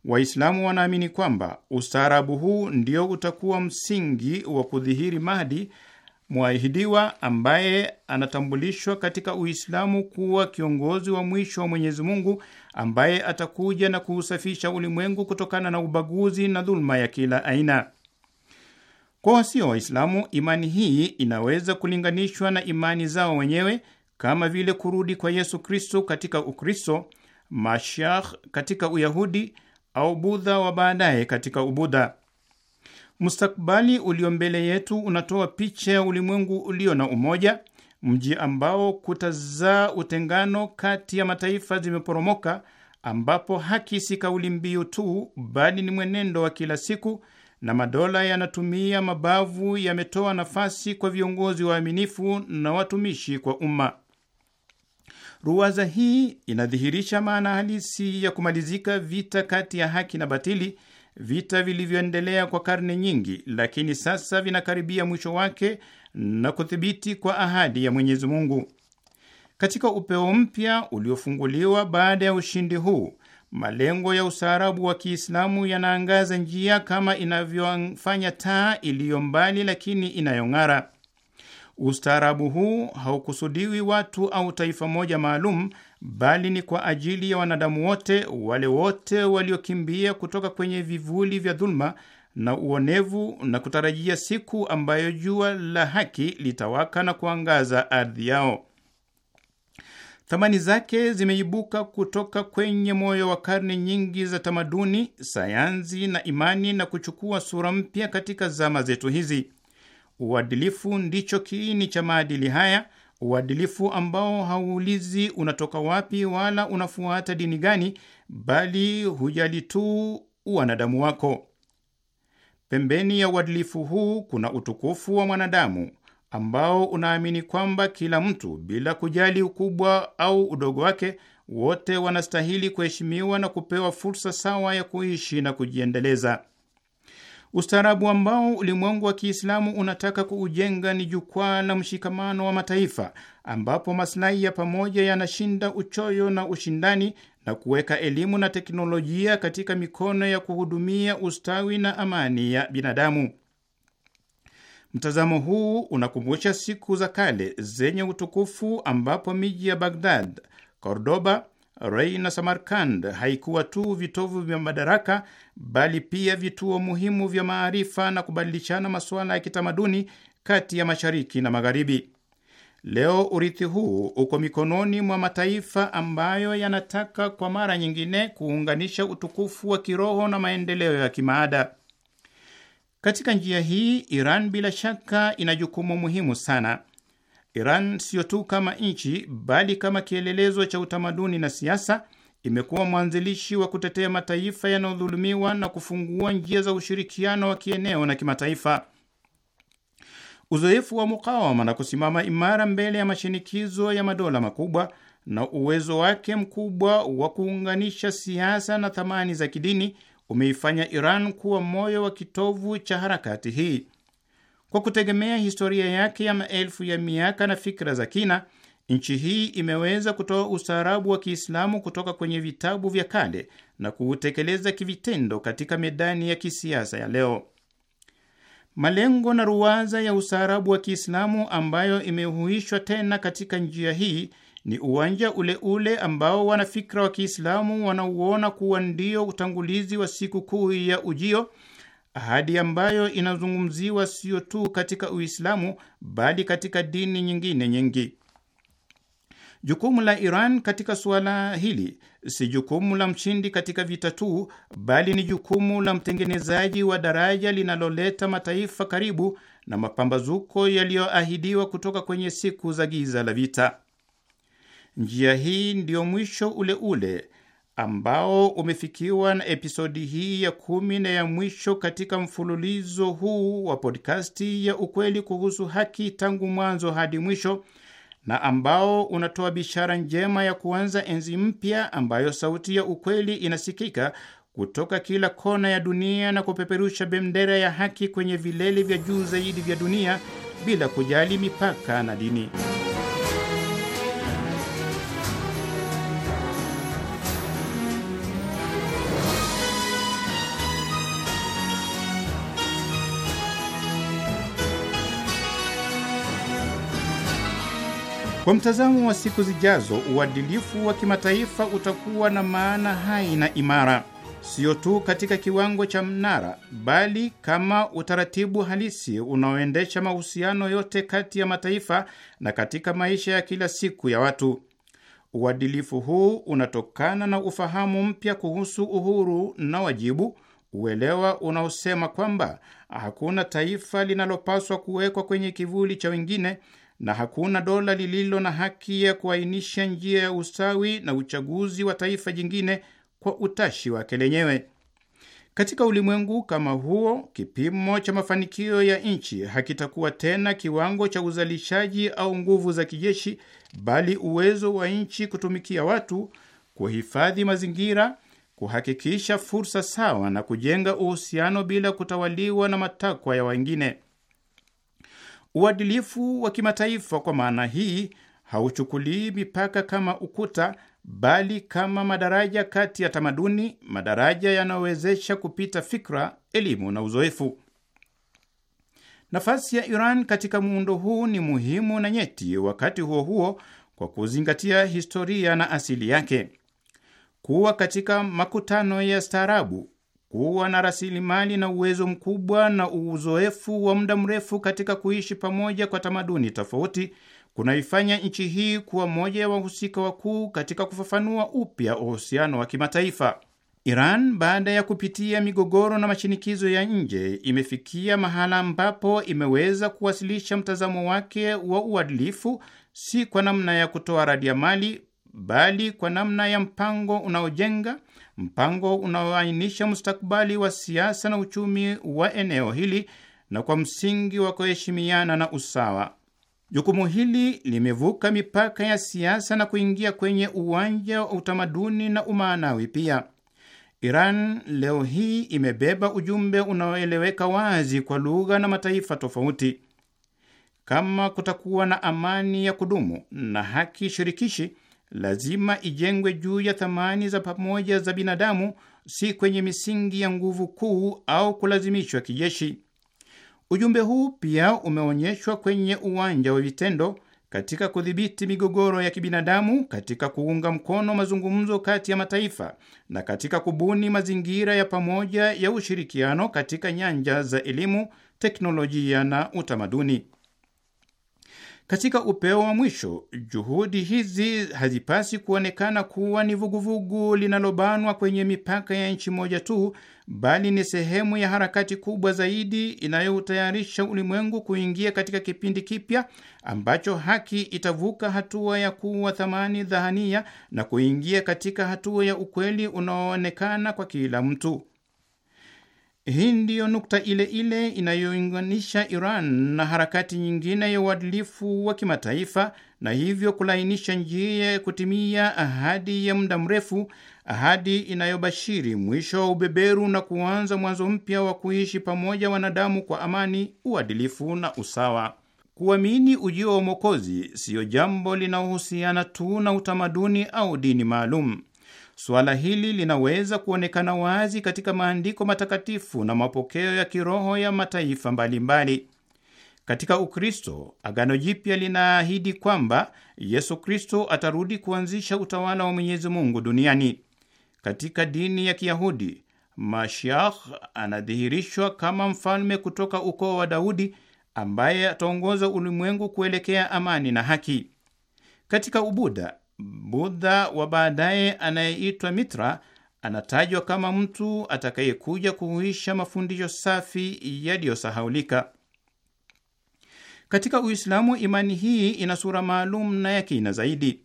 Waislamu wanaamini kwamba ustaarabu huu ndio utakuwa msingi wa kudhihiri Mahdi mwahidiwa, ambaye anatambulishwa katika Uislamu kuwa kiongozi wa mwisho wa Mwenyezi Mungu, ambaye atakuja na kuusafisha ulimwengu kutokana na ubaguzi na dhuluma ya kila aina. Kwa wasio Waislamu, imani hii inaweza kulinganishwa na imani zao wenyewe kama vile kurudi kwa Yesu Kristo katika Ukristo, Mashah katika Uyahudi au Budha wa baadaye katika Ubudha. Mustakbali ulio mbele yetu unatoa picha ya ulimwengu ulio na umoja, mji ambao kuta za utengano kati ya mataifa zimeporomoka, ambapo haki si kauli mbiu tu, bali ni mwenendo wa kila siku na madola yanatumia mabavu yametoa nafasi kwa viongozi waaminifu na watumishi kwa umma. Ruwaza hii inadhihirisha maana halisi ya kumalizika vita kati ya haki na batili, vita vilivyoendelea kwa karne nyingi, lakini sasa vinakaribia mwisho wake na kuthibiti kwa ahadi ya Mwenyezi Mungu. Katika upeo mpya uliofunguliwa baada ya ushindi huu, Malengo ya ustaarabu wa Kiislamu yanaangaza njia kama inavyofanya taa iliyo mbali lakini inayong'ara. Ustaarabu huu haukusudiwi watu au taifa moja maalum, bali ni kwa ajili ya wanadamu wote, wale wote waliokimbia kutoka kwenye vivuli vya dhuluma na uonevu na kutarajia siku ambayo jua la haki litawaka na kuangaza ardhi yao. Thamani zake zimeibuka kutoka kwenye moyo wa karne nyingi za tamaduni, sayansi na imani na kuchukua sura mpya katika zama zetu hizi. Uadilifu ndicho kiini cha maadili haya, uadilifu ambao hauulizi unatoka wapi wala unafuata dini gani, bali hujali tu wanadamu wako. Pembeni ya uadilifu huu kuna utukufu wa mwanadamu ambao unaamini kwamba kila mtu bila kujali ukubwa au udogo wake, wote wanastahili kuheshimiwa na kupewa fursa sawa ya kuishi na kujiendeleza. Ustaarabu ambao ulimwengu wa Kiislamu unataka kuujenga ni jukwaa la mshikamano wa mataifa ambapo maslahi ya pamoja yanashinda uchoyo na ushindani na kuweka elimu na teknolojia katika mikono ya kuhudumia ustawi na amani ya binadamu. Mtazamo huu unakumbusha siku za kale zenye utukufu ambapo miji ya Baghdad, Cordoba, Rei na Samarkand haikuwa tu vitovu vya madaraka bali pia vituo muhimu vya maarifa na kubadilishana masuala ya kitamaduni kati ya mashariki na magharibi. Leo urithi huu uko mikononi mwa mataifa ambayo yanataka kwa mara nyingine kuunganisha utukufu wa kiroho na maendeleo ya kimaada. Katika njia hii, Iran bila shaka ina jukumu muhimu sana. Iran siyo tu kama nchi, bali kama kielelezo cha utamaduni na siasa, imekuwa mwanzilishi wa kutetea mataifa yanayodhulumiwa na kufungua njia za ushirikiano wa kieneo na kimataifa. Uzoefu wa mukawama na kusimama imara mbele ya mashinikizo ya madola makubwa na uwezo wake mkubwa wa kuunganisha siasa na thamani za kidini umeifanya Iran kuwa moyo wa kitovu cha harakati hii. Kwa kutegemea historia yake ya maelfu ya miaka na fikra za kina, nchi hii imeweza kutoa ustaarabu wa Kiislamu kutoka kwenye vitabu vya kale na kuutekeleza kivitendo katika medani ya kisiasa ya leo. Malengo na ruwaza ya ustaarabu wa Kiislamu ambayo imehuishwa tena katika njia hii ni uwanja ule ule ambao wanafikra wa Kiislamu wanauona kuwa ndio utangulizi wa siku kuu ya ujio, ahadi ambayo inazungumziwa sio tu katika Uislamu bali katika dini nyingine nyingi. Jukumu la Iran katika suala hili si jukumu la mshindi katika vita tu, bali ni jukumu la mtengenezaji wa daraja linaloleta mataifa karibu na mapambazuko yaliyoahidiwa kutoka kwenye siku za giza la vita. Njia hii ndiyo mwisho ule ule ambao umefikiwa na episodi hii ya kumi na ya mwisho katika mfululizo huu wa podkasti ya ukweli kuhusu haki tangu mwanzo hadi mwisho na ambao unatoa bishara njema ya kuanza enzi mpya ambayo sauti ya ukweli inasikika kutoka kila kona ya dunia na kupeperusha bendera ya haki kwenye vilele vya juu zaidi vya dunia bila kujali mipaka na dini. Kwa mtazamo wa siku zijazo, uadilifu wa kimataifa utakuwa na maana hai na imara, sio tu katika kiwango cha mnara, bali kama utaratibu halisi unaoendesha mahusiano yote kati ya mataifa na katika maisha ya kila siku ya watu. Uadilifu huu unatokana na ufahamu mpya kuhusu uhuru na wajibu, uelewa unaosema kwamba hakuna taifa linalopaswa kuwekwa kwenye kivuli cha wengine na hakuna dola lililo na haki ya kuainisha njia ya ustawi na uchaguzi wa taifa jingine kwa utashi wake lenyewe. Katika ulimwengu kama huo, kipimo cha mafanikio ya nchi hakitakuwa tena kiwango cha uzalishaji au nguvu za kijeshi, bali uwezo wa nchi kutumikia watu, kuhifadhi mazingira, kuhakikisha fursa sawa na kujenga uhusiano bila kutawaliwa na matakwa ya wengine. Uadilifu wa kimataifa kwa maana hii hauchukulii mipaka kama ukuta, bali kama madaraja kati ya tamaduni, madaraja yanayowezesha kupita fikra, elimu na uzoefu. Nafasi ya Iran katika muundo huu ni muhimu na nyeti, wakati huo huo, kwa kuzingatia historia na asili yake. Kuwa katika makutano ya staarabu kuwa na rasilimali na uwezo mkubwa na uzoefu wa muda mrefu katika kuishi pamoja kwa tamaduni tofauti kunaifanya nchi hii kuwa moja ya wahusika wakuu katika kufafanua upya uhusiano wa kimataifa. Iran baada ya kupitia migogoro na mashinikizo ya nje imefikia mahala ambapo imeweza kuwasilisha mtazamo wake wa uadilifu, si kwa namna ya kutoa radi mali bali kwa namna ya mpango unaojenga, mpango unaoainisha mustakabali wa siasa na uchumi wa eneo hili na kwa msingi wa kuheshimiana na usawa. Jukumu hili limevuka mipaka ya siasa na kuingia kwenye uwanja wa utamaduni na umaanawi pia. Iran leo hii imebeba ujumbe unaoeleweka wazi kwa lugha na mataifa tofauti. Kama kutakuwa na amani ya kudumu na haki shirikishi lazima ijengwe juu ya thamani za pamoja za binadamu, si kwenye misingi ya nguvu kuu au kulazimishwa kijeshi. Ujumbe huu pia umeonyeshwa kwenye uwanja wa vitendo katika kudhibiti migogoro ya kibinadamu, katika kuunga mkono mazungumzo kati ya mataifa na katika kubuni mazingira ya pamoja ya ushirikiano katika nyanja za elimu, teknolojia na utamaduni. Katika upeo wa mwisho, juhudi hizi hazipasi kuonekana kuwa ni vuguvugu linalobanwa kwenye mipaka ya nchi moja tu, bali ni sehemu ya harakati kubwa zaidi inayotayarisha ulimwengu kuingia katika kipindi kipya ambacho haki itavuka hatua ya kuwa thamani dhahania na kuingia katika hatua ya ukweli unaoonekana kwa kila mtu. Hii ndiyo nukta ile ile inayounganisha Iran na harakati nyingine ya uadilifu wa kimataifa na hivyo kulainisha njia ya kutimia ahadi ya muda mrefu, ahadi inayobashiri mwisho wa ubeberu na kuanza mwanzo mpya wa kuishi pamoja wanadamu kwa amani, uadilifu na usawa. Kuamini ujio wa Mwokozi siyo jambo linaohusiana tu na utamaduni au dini maalum. Suala hili linaweza kuonekana wazi katika maandiko matakatifu na mapokeo ya kiroho ya mataifa mbalimbali mbali. Katika Ukristo, Agano Jipya linaahidi kwamba Yesu Kristo atarudi kuanzisha utawala wa Mwenyezi Mungu duniani. Katika dini ya Kiyahudi, mashiah anadhihirishwa kama mfalme kutoka ukoo wa Daudi ambaye ataongoza ulimwengu kuelekea amani na haki. Katika ubuda Budha wa baadaye anayeitwa Mitra anatajwa kama mtu atakayekuja kuhuisha mafundisho safi yaliyosahaulika. Katika Uislamu, imani hii ina sura maalum na ya kina zaidi.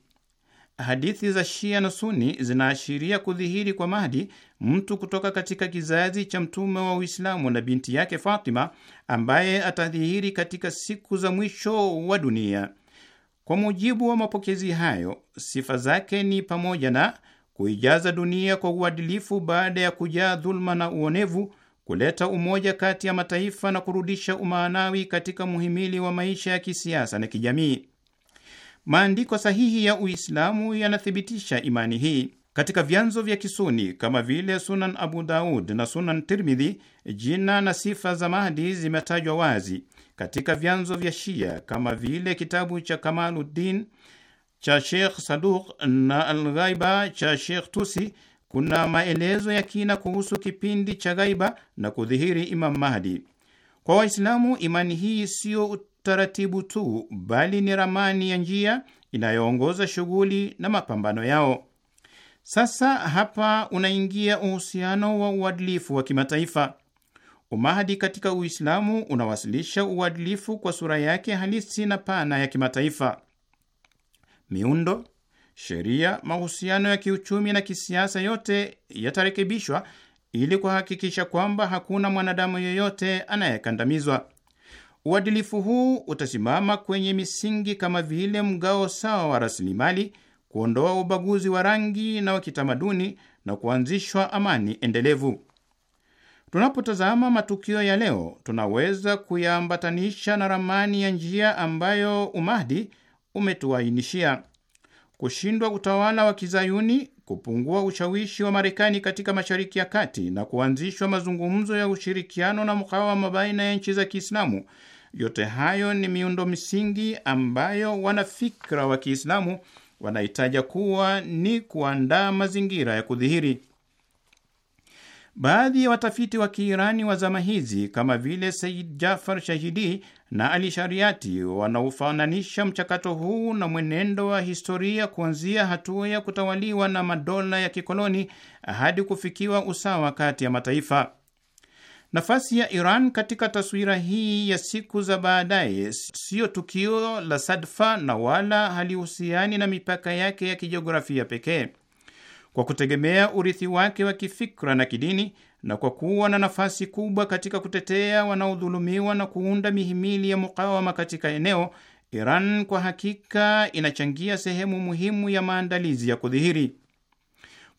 Hadithi za Shia na Suni zinaashiria kudhihiri kwa Mahdi, mtu kutoka katika kizazi cha mtume wa Uislamu na binti yake Fatima, ambaye atadhihiri katika siku za mwisho wa dunia. Kwa mujibu wa mapokezi hayo, sifa zake ni pamoja na kuijaza dunia kwa uadilifu baada ya kujaa dhuluma na uonevu, kuleta umoja kati ya mataifa na kurudisha umaanawi katika muhimili wa maisha ya kisiasa na kijamii. Maandiko sahihi ya Uislamu yanathibitisha imani hii. Katika vyanzo vya Kisuni kama vile Sunan Abu Daud na Sunan Tirmidhi, jina na sifa za Mahdi zimetajwa wazi. Katika vyanzo vya Shia kama vile kitabu cha Kamaluddin cha Sheikh Saduq na alghaiba cha Sheikh Tusi kuna maelezo ya kina kuhusu kipindi cha ghaiba na kudhihiri Imam Mahdi. Kwa Waislamu, imani hii siyo utaratibu tu, bali ni ramani ya njia inayoongoza shughuli na mapambano yao. Sasa hapa unaingia uhusiano wa uadilifu wa kimataifa. Umahdi katika Uislamu unawasilisha uadilifu kwa sura yake halisi na pana ya kimataifa. Miundo, sheria, mahusiano ya kiuchumi na kisiasa, yote yatarekebishwa ili kuhakikisha kwamba hakuna mwanadamu yeyote anayekandamizwa. Uadilifu huu utasimama kwenye misingi kama vile mgao sawa wa rasilimali kuondoa ubaguzi wa rangi na wa kitamaduni na kuanzishwa amani endelevu. Tunapotazama matukio ya leo, tunaweza kuyaambatanisha na ramani ya njia ambayo umahdi umetuainishia. Kushindwa utawala wa Kizayuni, kupungua ushawishi wa Marekani katika Mashariki ya Kati na kuanzishwa mazungumzo ya ushirikiano na mkawama baina ya nchi za Kiislamu, yote hayo ni miundo misingi ambayo wanafikra wa Kiislamu wanahitaja kuwa ni kuandaa mazingira ya kudhihiri. Baadhi ya watafiti wa Kiirani wa zama hizi kama vile Said Jafar Shahidi na Ali Shariati wanaofananisha mchakato huu na mwenendo wa historia kuanzia hatua ya kutawaliwa na madola ya kikoloni hadi kufikiwa usawa kati ya mataifa. Nafasi ya Iran katika taswira hii ya siku za baadaye siyo tukio la sadfa na wala halihusiani na mipaka yake ya kijiografia pekee. Kwa kutegemea urithi wake wa kifikra na kidini na kwa kuwa na nafasi kubwa katika kutetea wanaodhulumiwa na kuunda mihimili ya mukawama katika eneo, Iran kwa hakika inachangia sehemu muhimu ya maandalizi ya kudhihiri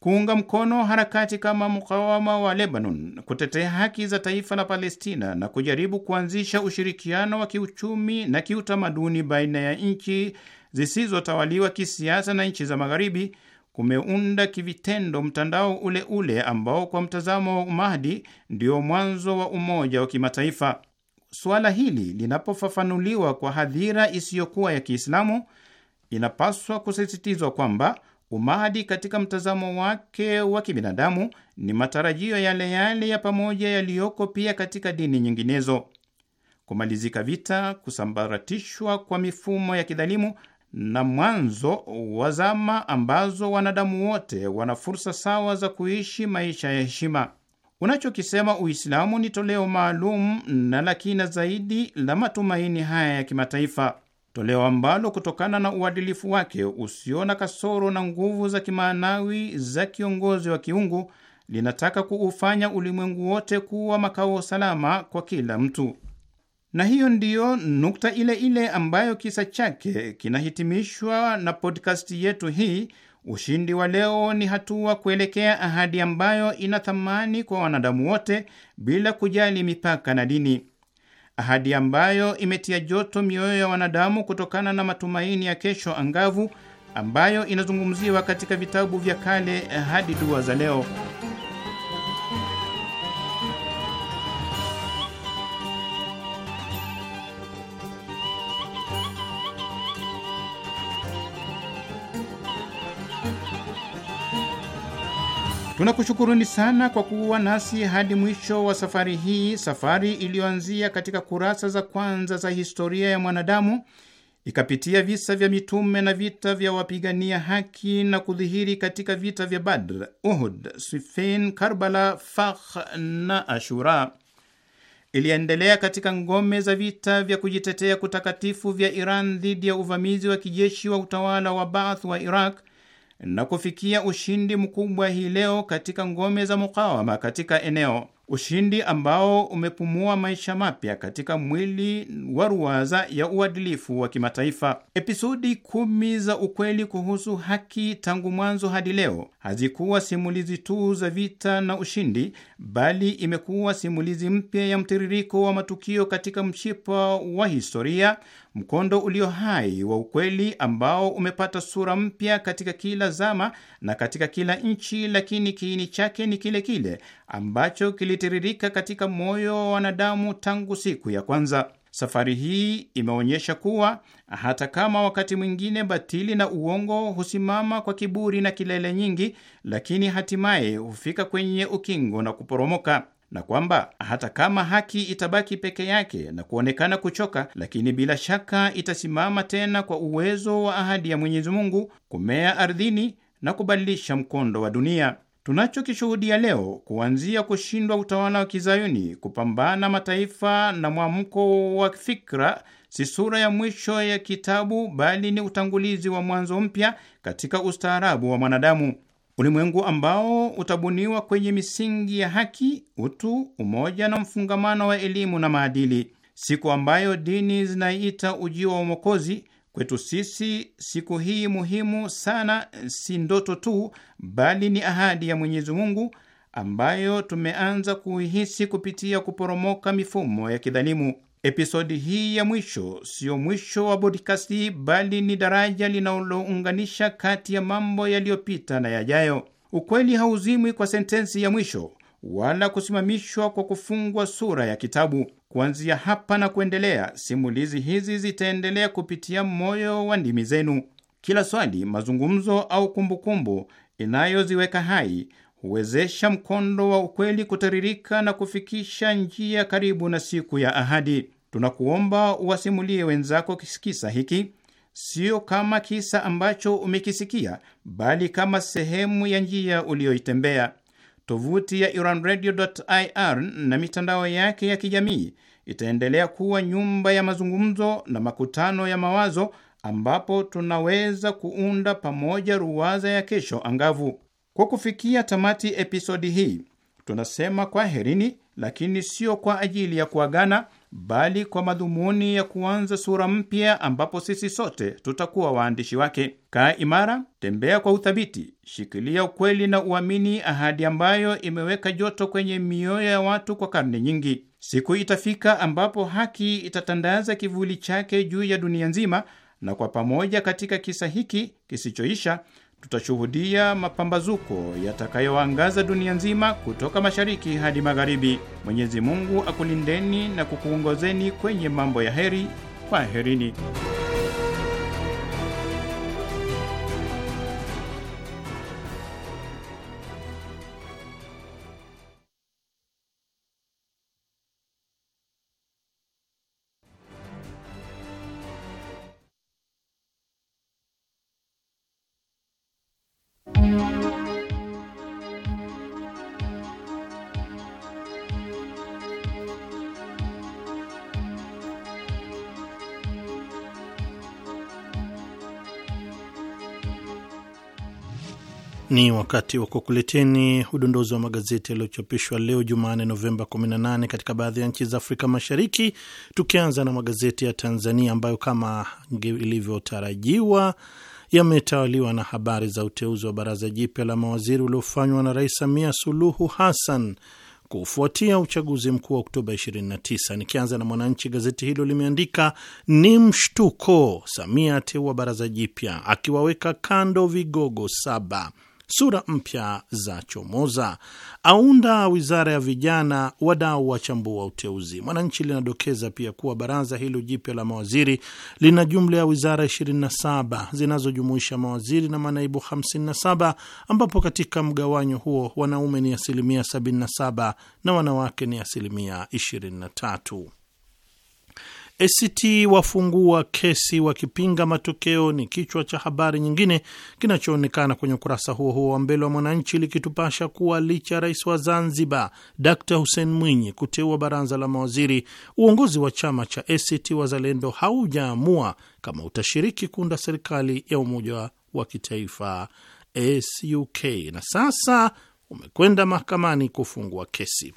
kuunga mkono harakati kama mkawama wa Lebanon, kutetea haki za taifa la Palestina na kujaribu kuanzisha ushirikiano wa kiuchumi na kiutamaduni baina ya nchi zisizotawaliwa kisiasa na nchi za Magharibi kumeunda kivitendo mtandao ule ule ambao kwa mtazamo wa umahdi ndio mwanzo wa umoja wa kimataifa. Suala hili linapofafanuliwa kwa hadhira isiyokuwa ya Kiislamu, inapaswa kusisitizwa kwamba Umahdi katika mtazamo wake wa kibinadamu ni matarajio yale yale ya pamoja yaliyoko pia katika dini nyinginezo: kumalizika vita, kusambaratishwa kwa mifumo ya kidhalimu na mwanzo wa zama ambazo wanadamu wote wana fursa sawa za kuishi maisha ya heshima. Unachokisema Uislamu ni toleo maalum na la kina zaidi la matumaini haya ya kimataifa toleo ambalo kutokana na uadilifu wake usio na kasoro na nguvu za kimaanawi za kiongozi wa kiungu linataka kuufanya ulimwengu wote kuwa makao salama kwa kila mtu. Na hiyo ndiyo nukta ile ile ambayo kisa chake kinahitimishwa na podkasti yetu hii. Ushindi wa leo ni hatua kuelekea ahadi ambayo ina thamani kwa wanadamu wote bila kujali mipaka na dini ahadi ambayo imetia joto mioyo ya wanadamu kutokana na matumaini ya kesho angavu ambayo inazungumziwa katika vitabu vya kale hadi dua za leo. Tunakushukuruni sana kwa kuwa nasi hadi mwisho wa safari hii, safari iliyoanzia katika kurasa za kwanza za historia ya mwanadamu ikapitia visa vya mitume na vita vya wapigania haki na kudhihiri katika vita vya Badr, Uhud, Siffin, Karbala, Fakh na Ashura. Iliendelea katika ngome za vita vya kujitetea kutakatifu vya Iran dhidi ya uvamizi wa kijeshi wa utawala wa Baath wa Iraq na kufikia ushindi mkubwa hii leo katika ngome za mukawama katika eneo, ushindi ambao umepumua maisha mapya katika mwili wa ruwaza ya uadilifu wa kimataifa. Episodi kumi za ukweli kuhusu haki tangu mwanzo hadi leo hazikuwa simulizi tu za vita na ushindi, bali imekuwa simulizi mpya ya mtiririko wa matukio katika mshipa wa historia mkondo ulio hai wa ukweli ambao umepata sura mpya katika kila zama na katika kila nchi, lakini kiini chake ni kile kile ambacho kilitiririka katika moyo wa wanadamu tangu siku ya kwanza. Safari hii imeonyesha kuwa hata kama wakati mwingine batili na uongo husimama kwa kiburi na kilele nyingi, lakini hatimaye hufika kwenye ukingo na kuporomoka na kwamba hata kama haki itabaki peke yake na kuonekana kuchoka, lakini bila shaka itasimama tena kwa uwezo wa ahadi ya Mwenyezi Mungu kumea ardhini na kubadilisha mkondo wa dunia. Tunachokishuhudia leo kuanzia kushindwa utawala wa kizayuni kupambana mataifa na mwamko wa fikra si sura ya mwisho ya kitabu, bali ni utangulizi wa mwanzo mpya katika ustaarabu wa mwanadamu ulimwengu ambao utabuniwa kwenye misingi ya haki, utu, umoja na mfungamano wa elimu na maadili. Siku ambayo dini zinaiita ujio wa Mwokozi, kwetu sisi siku hii muhimu sana si ndoto tu, bali ni ahadi ya Mwenyezi Mungu ambayo tumeanza kuihisi kupitia kuporomoka mifumo ya kidhalimu. Episodi hii ya mwisho siyo mwisho wa podikasti, bali ni daraja linalounganisha kati ya mambo yaliyopita na yajayo. Ukweli hauzimwi kwa sentensi ya mwisho wala kusimamishwa kwa kufungwa sura ya kitabu. Kuanzia hapa na kuendelea, simulizi hizi zitaendelea kupitia moyo wa ndimi zenu. Kila swali, mazungumzo au kumbukumbu inayoziweka hai huwezesha mkondo wa ukweli kutiririka na kufikisha njia karibu na siku ya ahadi. Tunakuomba uwasimulie wenzako kisa hiki, sio kama kisa ambacho umekisikia, bali kama sehemu ya njia uliyoitembea. Tovuti ya iranradio.ir na mitandao yake ya kijamii itaendelea kuwa nyumba ya mazungumzo na makutano ya mawazo ambapo tunaweza kuunda pamoja ruwaza ya kesho angavu. Kwa kufikia tamati episodi hii, tunasema kwaherini, lakini sio kwa ajili ya kuagana, bali kwa madhumuni ya kuanza sura mpya ambapo sisi sote tutakuwa waandishi wake. Kaa imara, tembea kwa uthabiti, shikilia ukweli na uamini ahadi ambayo imeweka joto kwenye mioyo ya watu kwa karne nyingi. Siku itafika ambapo haki itatandaza kivuli chake juu ya dunia nzima, na kwa pamoja, katika kisa hiki kisichoisha tutashuhudia mapambazuko yatakayoangaza dunia nzima kutoka mashariki hadi magharibi. Mwenyezi Mungu akulindeni na kukuongozeni kwenye mambo ya heri. Kwaherini. Ni wakati wa kukuleteni udondozi wa magazeti yaliyochapishwa leo Jumanne, Novemba 18 katika baadhi ya nchi za Afrika Mashariki, tukianza na magazeti ya Tanzania ambayo kama ilivyotarajiwa yametawaliwa na habari za uteuzi wa baraza jipya la mawaziri uliofanywa na Rais Samia Suluhu Hassan kufuatia uchaguzi mkuu wa Oktoba 29. Nikianza na Mwananchi, gazeti hilo limeandika ni mshtuko, Samia ateua baraza jipya akiwaweka kando vigogo saba sura mpya za chomoza, aunda wizara ya vijana, wadau wachambua uteuzi. Mwananchi linadokeza pia kuwa baraza hilo jipya la mawaziri lina jumla ya wizara 27 zinazojumuisha mawaziri na manaibu 57, ambapo katika mgawanyo huo wanaume ni asilimia 77 na wanawake ni asilimia 23. ACT wafungua kesi wakipinga matokeo ni kichwa cha habari nyingine kinachoonekana kwenye ukurasa huo huo wa mbele wa Mwananchi, likitupasha kuwa licha ya rais wa Zanzibar d Hussein Mwinyi kuteua baraza la mawaziri, uongozi wa chama cha ACT Wazalendo haujaamua kama utashiriki kuunda serikali ya umoja wa kitaifa SUK. Na sasa umekwenda mahakamani kufungua kesi.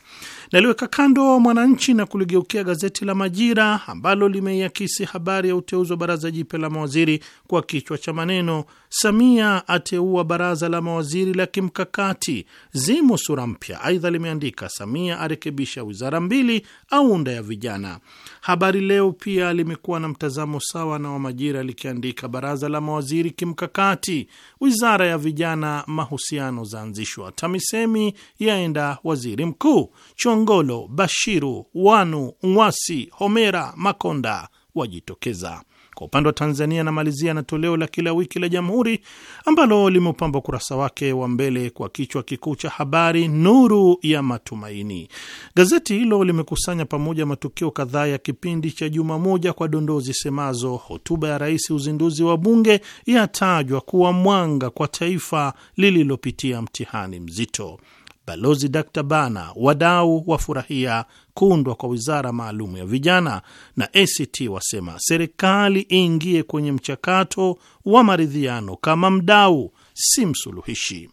Naliweka kando Mwananchi na kuligeukia gazeti la Majira ambalo limeiakisi habari ya uteuzi wa baraza jipya la mawaziri kwa kichwa cha maneno Samia ateua baraza la mawaziri la kimkakati, zimo sura mpya. Aidha limeandika Samia arekebisha wizara mbili, aunda ya vijana. Habari Leo pia limekuwa na mtazamo sawa na wa Majira likiandika baraza la mawaziri kimkakati, wizara ya vijana, mahusiano zaanzishwa, TAMISEMI yaenda waziri mkuu, Chongolo, Bashiru, Wanu, Ng'wasi, Homera, Makonda wajitokeza. Kwa upande wa Tanzania, anamalizia na toleo la kila wiki la Jamhuri ambalo limeupamba ukurasa wake wa mbele kwa kichwa kikuu cha habari nuru ya matumaini. Gazeti hilo limekusanya pamoja matukio kadhaa ya kipindi cha juma moja kwa dondoo zisemazo: hotuba ya rais, uzinduzi wa bunge yatajwa kuwa mwanga kwa taifa lililopitia mtihani mzito Balozi Dr Bana, wadau wafurahia kuundwa kwa wizara maalum ya vijana, na ACT wasema serikali iingie kwenye mchakato wa maridhiano kama mdau, si msuluhishi.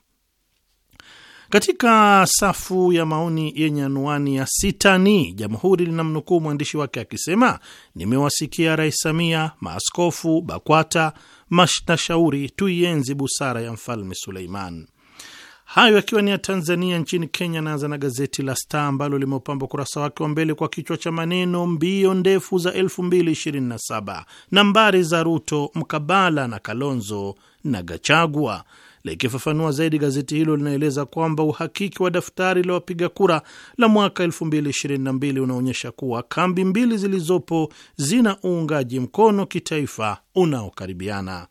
Katika safu ya maoni yenye anuani ya sitani, Jamhuri linamnukuu mwandishi wake akisema, nimewasikia Rais Samia, maaskofu, BAKWATA, mashauri tuienzi busara ya Mfalme Suleiman. Hayo akiwa ni ya Tanzania. Nchini Kenya, naanza na gazeti la Star ambalo limeupamba ukurasa wake wa mbele kwa kichwa cha maneno mbio ndefu za 2027 nambari za Ruto mkabala na Kalonzo na Gachagua. Likifafanua zaidi, gazeti hilo linaeleza kwamba uhakiki wa daftari la wapiga kura la mwaka 2022 unaonyesha kuwa kambi mbili zilizopo zina uungaji mkono kitaifa unaokaribiana.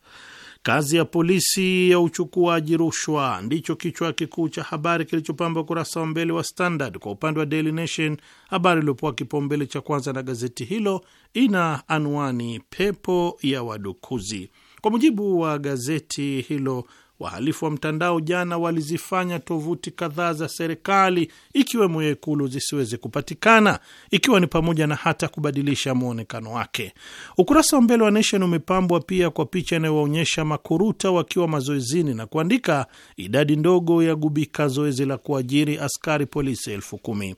Kazi ya polisi ya uchukuaji rushwa ndicho kichwa kikuu cha habari kilichopamba ukurasa wa mbele wa Standard. Kwa upande wa Daily Nation, habari iliyopewa kipaumbele cha kwanza na gazeti hilo ina anwani pepo ya wadukuzi. Kwa mujibu wa gazeti hilo, Wahalifu wa mtandao jana walizifanya tovuti kadhaa za serikali ikiwemo ya Ikulu zisiweze kupatikana, ikiwa ni pamoja na hata kubadilisha mwonekano wake. Ukurasa wa mbele wa Nation umepambwa pia kwa picha inayowaonyesha makuruta wakiwa mazoezini na kuandika, idadi ndogo ya gubika zoezi la kuajiri askari polisi elfu kumi.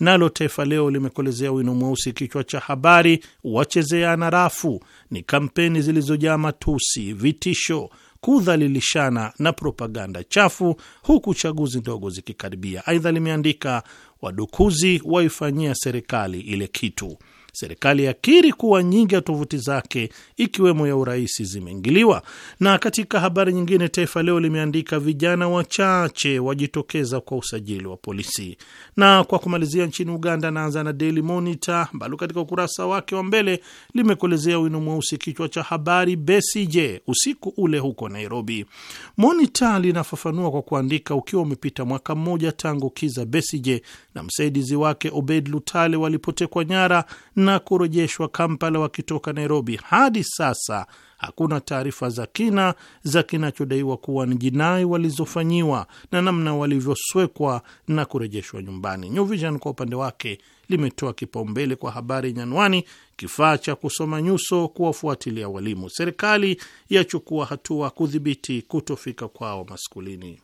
Nalo Taifa Leo limekolezea wino mweusi kichwa cha habari, wachezeana rafu, ni kampeni zilizojaa matusi, vitisho kudhalilishana na propaganda chafu, huku chaguzi ndogo zikikaribia. Aidha limeandika wadukuzi waifanyia serikali ile kitu. Serikali yakiri kuwa nyingi ya tovuti zake ikiwemo ya urais zimeingiliwa. Na katika habari nyingine, Taifa Leo limeandika vijana wachache wajitokeza kwa usajili wa polisi. Na kwa kumalizia, nchini Uganda, naanza na Daily Monitor ambalo katika ukurasa wake wa mbele limekolezea wino mweusi kichwa cha habari Besigye usiku ule huko Nairobi. Monitor linafafanua kwa kuandika, ukiwa umepita mwaka mmoja tangu Kiza Besigye na msaidizi wake Obed Lutale walipotekwa nyara na kurejeshwa Kampala wakitoka Nairobi. Hadi sasa hakuna taarifa za kina za kinachodaiwa kuwa ni jinai walizofanyiwa na namna walivyoswekwa na kurejeshwa nyumbani. New Vision kwa upande wake limetoa kipaumbele kwa habari yenye anwani kifaa cha kusoma nyuso kuwafuatilia walimu, serikali yachukua hatua kudhibiti kutofika kwao maskulini.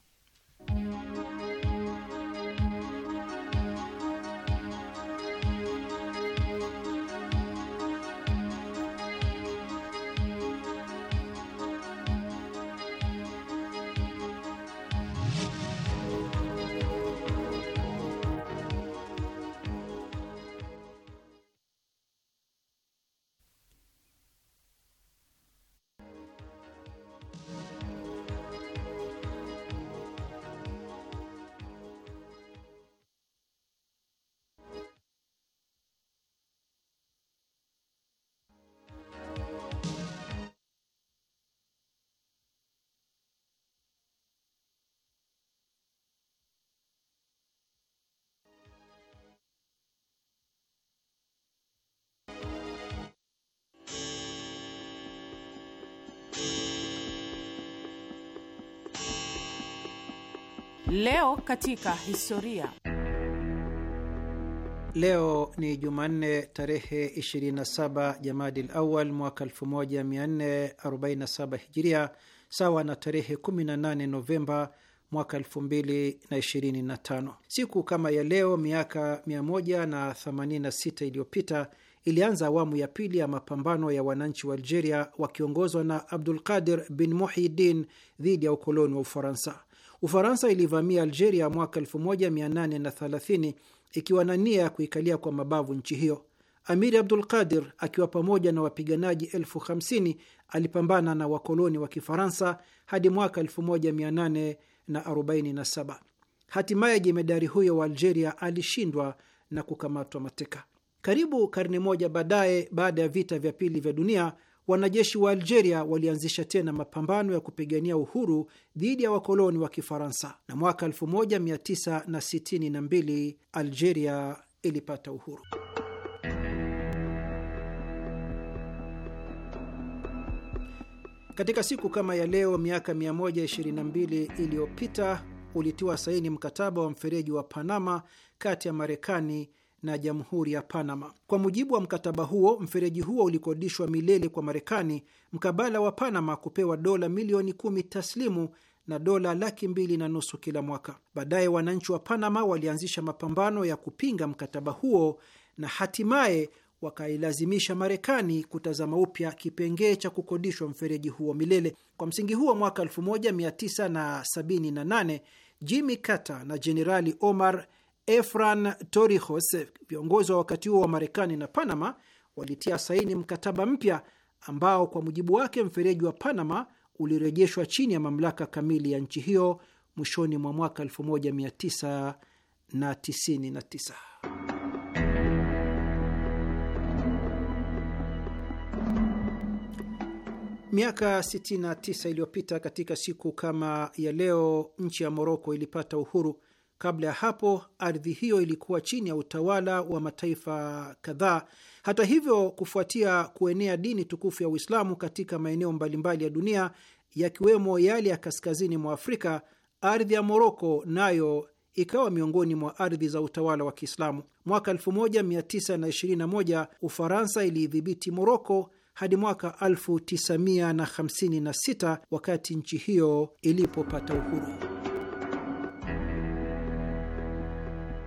Leo katika historia. Leo ni Jumanne tarehe 27 Jamadil Awal mwaka 1447 Hijiria, sawa na tarehe 18 Novemba mwaka 2025. Siku kama ya leo miaka 186 iliyopita ilianza awamu ya pili ya mapambano ya wananchi wa Algeria wakiongozwa na Abdul Qadir bin Muhyiddin dhidi ya ukoloni wa Ufaransa. Ufaransa ilivamia Algeria mwaka 1830 ikiwa na nia ya kuikalia kwa mabavu nchi hiyo. Amiri Abdul Qadir akiwa pamoja na wapiganaji elfu hamsini alipambana na wakoloni wa Kifaransa hadi mwaka 1847. Hatimaye jemedari huyo wa Algeria alishindwa na kukamatwa mateka. Karibu karne moja baadaye, baada ya vita vya pili vya dunia, wanajeshi wa Algeria walianzisha tena mapambano ya kupigania uhuru dhidi ya wakoloni wa Kifaransa, na mwaka 1962 Algeria ilipata uhuru. Katika siku kama ya leo miaka 122 iliyopita ulitiwa saini mkataba wa mfereji wa Panama kati ya Marekani na jamhuri ya Panama. Kwa mujibu wa mkataba huo, mfereji huo ulikodishwa milele kwa Marekani mkabala wa Panama kupewa dola milioni kumi taslimu na dola laki mbili na nusu kila mwaka. Baadaye wananchi wa Panama walianzisha mapambano ya kupinga mkataba huo na hatimaye wakailazimisha Marekani kutazama upya kipengee cha kukodishwa mfereji huo milele. Kwa msingi huo, mwaka 1978 Jimmy Carter na Jenerali Omar Efran Torijos, viongozi wa wakati huo wa Marekani na Panama walitia saini mkataba mpya ambao kwa mujibu wake mfereji wa Panama ulirejeshwa chini ya mamlaka kamili ya nchi hiyo mwishoni mwa mwaka 1999. Miaka 69 iliyopita katika siku kama ya leo, nchi ya Moroko ilipata uhuru Kabla ya hapo ardhi hiyo ilikuwa chini ya utawala wa mataifa kadhaa. Hata hivyo, kufuatia kuenea dini tukufu ya Uislamu katika maeneo mbalimbali ya dunia yakiwemo yale ya kaskazini mwa Afrika, ardhi ya Moroko nayo ikawa miongoni mwa ardhi za utawala wa Kiislamu. Mwaka 1921 Ufaransa iliidhibiti Moroko hadi mwaka 1956 wakati nchi hiyo ilipopata uhuru.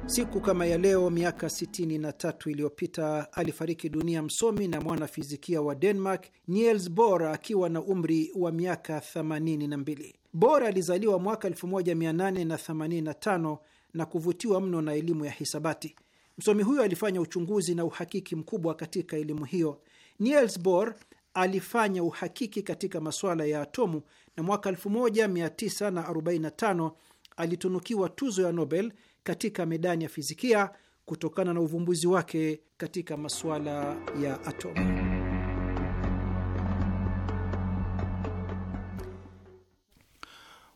Siku kama ya leo miaka 63 iliyopita alifariki dunia msomi na mwanafizikia wa Denmark Niels Bohr akiwa na umri wa miaka 82. Bohr alizaliwa mwaka 1885 na kuvutiwa mno na elimu ya hisabati. Msomi huyo alifanya uchunguzi na uhakiki mkubwa katika elimu hiyo. Niels Bohr alifanya uhakiki katika masuala ya atomu na mwaka 1945 alitunukiwa tuzo ya Nobel katika medani ya fizikia kutokana na uvumbuzi wake katika masuala ya atomu.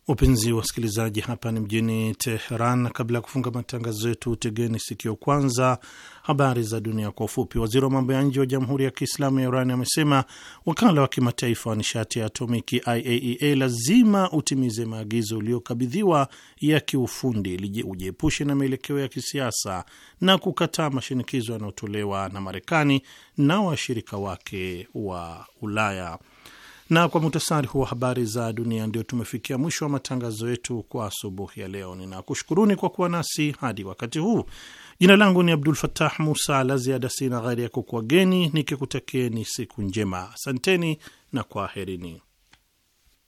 Wapenzi wasikilizaji, hapa ni mjini Teheran. Kabla ya kufunga matangazo yetu, tegeni sikio kwanza habari za dunia kwa ufupi. Waziri wa mambo ya nje wa Jamhuri ya Kiislamu ya Iran amesema wakala wa kimataifa wa nishati ya atomiki IAEA e lazima utimize maagizo uliokabidhiwa ya kiufundi ili ujiepushe na mielekeo ya kisiasa na kukataa mashinikizo yanayotolewa na Marekani na washirika wake wa Ulaya. Na kwa muhtasari huu wa habari za dunia, ndio tumefikia mwisho wa matangazo yetu kwa asubuhi ya leo. Ninakushukuruni kwa kuwa nasi hadi wakati huu. Jina langu ni Abdul Fatah Musa. La ziada sina, ghairi ya kukuageni nikikutakieni siku njema. Asanteni na kwaherini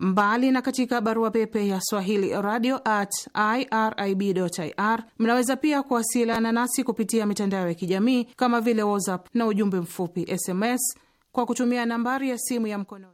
Mbali na katika barua pepe ya Swahili radio at irib ir, mnaweza pia kuwasiliana nasi kupitia mitandao ya kijamii kama vile WhatsApp na ujumbe mfupi SMS kwa kutumia nambari ya simu ya mkono.